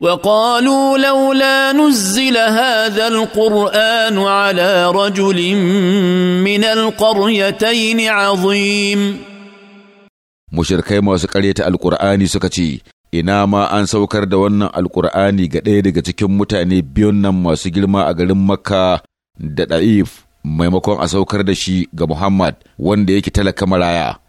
وقالوا لولا نزل هذا القران على رجل من القريتين عظيم Mushirikai masu ta alƙur'ani suka ce ina ma an saukar da wannan alƙur'ani ga ɗaya daga cikin mutane biyun nan masu girma a garin makka da ɗa'if maimakon a saukar da shi ga muhammad wanda yake talaka maraya